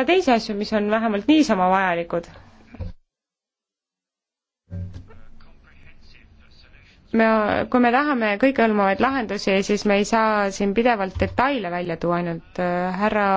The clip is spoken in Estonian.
ja teisi asju, mis on vähemalt niisama vajalikud. me, kui me tahame kõikehõlmavaid lahendusi, siis me ei saa siin pidevalt detaile välja tuua, ainult äh, härra